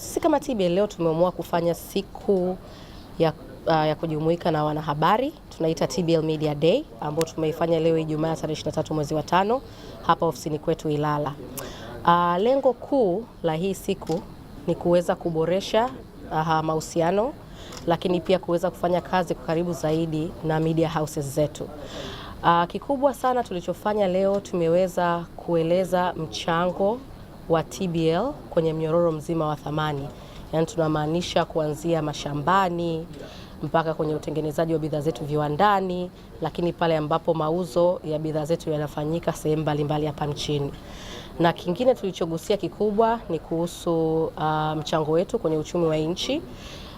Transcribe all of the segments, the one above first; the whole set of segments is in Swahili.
Sisi kama TBA leo tumeamua kufanya siku ya, uh, ya kujumuika na wanahabari tunaita TBL Media Day ambayo tumeifanya leo Ijumaa tarehe 23 mwezi wa tano hapa ofisini kwetu Ilala. Uh, lengo kuu la hii siku ni kuweza kuboresha uh, mahusiano lakini pia kuweza kufanya kazi kwa karibu zaidi na media houses zetu. Uh, kikubwa sana tulichofanya leo tumeweza kueleza mchango wa TBL kwenye mnyororo mzima wa thamani, yaani tunamaanisha kuanzia mashambani mpaka kwenye utengenezaji wa bidhaa zetu viwandani, lakini pale ambapo mauzo ya bidhaa zetu yanafanyika sehemu mbalimbali hapa nchini. Na kingine tulichogusia kikubwa ni kuhusu uh, mchango wetu kwenye uchumi wa nchi.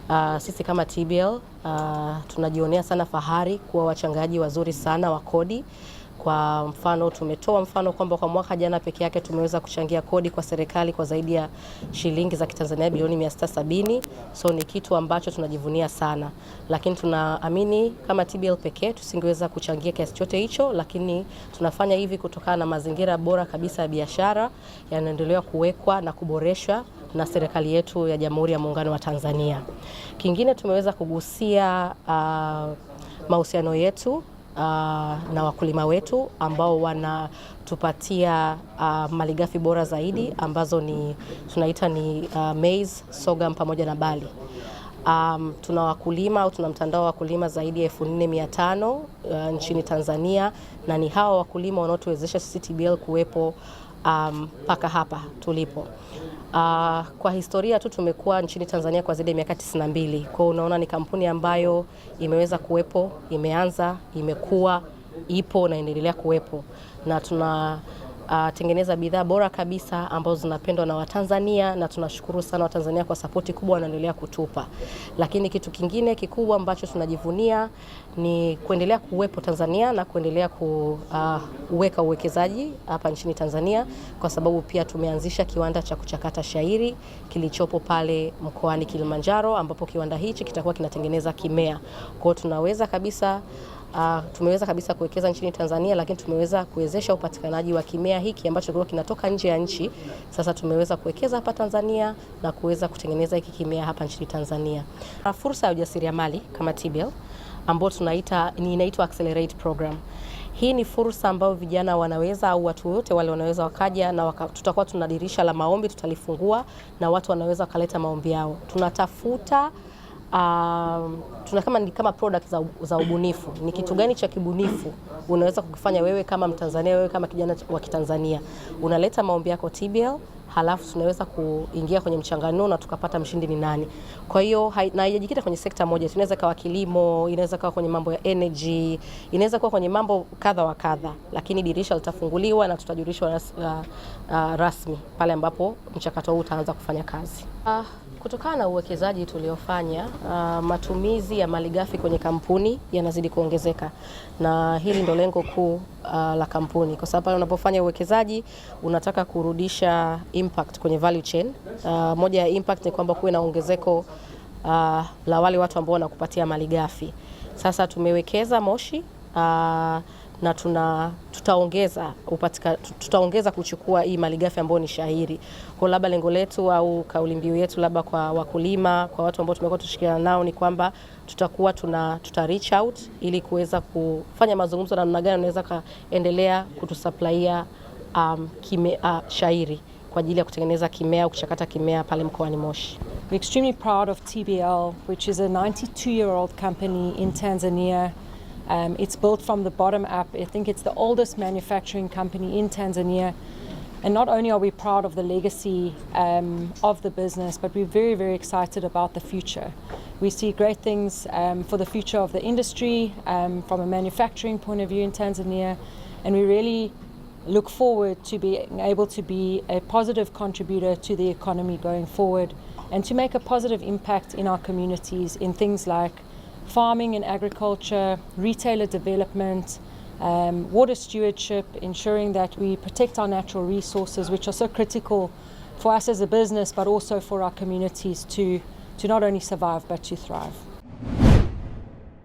Uh, sisi kama TBL uh, tunajionea sana fahari kuwa wachangaji wazuri sana wa kodi kwa mfano tumetoa mfano kwamba kwa mwaka jana peke yake tumeweza kuchangia kodi kwa serikali kwa zaidi ya shilingi za Kitanzania bilioni 670. So ni kitu ambacho tunajivunia sana, lakini tunaamini kama TBL pekee tusingeweza kuchangia kiasi chote hicho, lakini tunafanya hivi kutokana na mazingira bora kabisa ya biashara yanaendelea kuwekwa na kuboreshwa na serikali yetu ya Jamhuri ya Muungano wa Tanzania. Kingine tumeweza kugusia uh, mahusiano yetu uh, na wakulima wetu ambao wanatupatia uh, malighafi bora zaidi ambazo ni tunaita ni uh, maize, sorghum pamoja na bali Um, tuna wakulima au tuna mtandao wa wakulima zaidi ya 4500 uh, nchini Tanzania na ni hawa wakulima wanaotuwezesha sisi TBL kuwepo um, mpaka um, hapa tulipo. Uh, kwa historia tu tumekuwa nchini Tanzania kwa zaidi ya miaka 92. Kwa hiyo unaona ni kampuni ambayo imeweza kuwepo, imeanza, imekuwa, ipo na inaendelea kuwepo na tuna uh, tengeneza bidhaa bora kabisa ambazo zinapendwa na Watanzania na tunashukuru sana Watanzania kwa sapoti kubwa wanaendelea kutupa. Lakini kitu kingine kikubwa ambacho tunajivunia ni kuendelea kuwepo Tanzania na kuendelea ah, kuweka uh, uwekezaji hapa nchini Tanzania kwa sababu pia tumeanzisha kiwanda cha kuchakata shairi kilichopo pale mkoani Kilimanjaro ambapo kiwanda hichi kitakuwa kinatengeneza kimea. Kwa hiyo tunaweza kabisa Uh, tumeweza kabisa kuwekeza nchini Tanzania, lakini tumeweza kuwezesha upatikanaji wa kimea hiki ambacho kilikuwa kinatoka nje ya nchi. Sasa tumeweza kuwekeza hapa Tanzania na kuweza kutengeneza hiki kimea hapa nchini Tanzania. Ah, fursa ya ujasiriamali kama TBL ambayo tunaita ni inaitwa Accelerate Program. Hii ni fursa ambayo vijana wanaweza au watu wote wale wanaweza wakaja na waka, tutakuwa tuna dirisha la maombi tutalifungua na watu wanaweza wakaleta maombi yao. Tunatafuta um, tuna kama ni kama product za, za ubunifu. Ni kitu gani cha kibunifu unaweza kukifanya wewe kama Mtanzania, wewe kama kijana wa Kitanzania, unaleta maombi yako TBL halafu tunaweza kuingia kwenye mchanganuo na tukapata mshindi ni nani. Kwa hiyo na haijajikita kwenye sekta moja, inaweza kawa kilimo, inaweza kawa kwenye mambo ya energy, inaweza kuwa kwenye mambo kadha wa kadha, lakini dirisha litafunguliwa na tutajulishwa ras, uh, uh, rasmi pale ambapo mchakato huu utaanza kufanya kazi uh, Kutokana na uwekezaji tuliofanya, uh, matumizi ya malighafi kwenye kampuni yanazidi kuongezeka, na hili ndo lengo kuu uh, la kampuni, kwa sababu pale unapofanya uwekezaji unataka kurudisha impact kwenye value chain. Uh, moja ya impact ni kwamba kuwe na ongezeko uh, la wale watu ambao wanakupatia malighafi. Sasa tumewekeza Moshi Ah, na tuna tutaongeza upatika, tutaongeza kuchukua hii malighafi ambayo ni shahiri. Kwa labda lengo letu au kauli mbiu yetu labda kwa wakulima, kwa watu ambao tumekuwa tushirikiana nao ni kwamba tutakuwa tuna tuta reach out ili kuweza kufanya mazungumzo na namna gani wanaweza kaendelea kutusupplyia um, uh, shahiri kwa ajili ya kutengeneza kimea au kuchakata kimea pale mkoani Moshi. We're extremely proud of TBL which is a 92 year old company in Tanzania. Um, it's built from the bottom up. I think it's the oldest manufacturing company in Tanzania. And not only are we proud of the legacy um, of the business, but we're very, very excited about the future. We see great things um, for the future of the industry um, from a manufacturing point of view in Tanzania. And we really look forward to being able to be a positive contributor to the economy going forward and to make a positive impact in our communities in things like farming and agriculture, retailer development, um, water stewardship, ensuring that we protect our natural resources, which are so critical for us as a business, but also for our communities to, to not only survive but to thrive.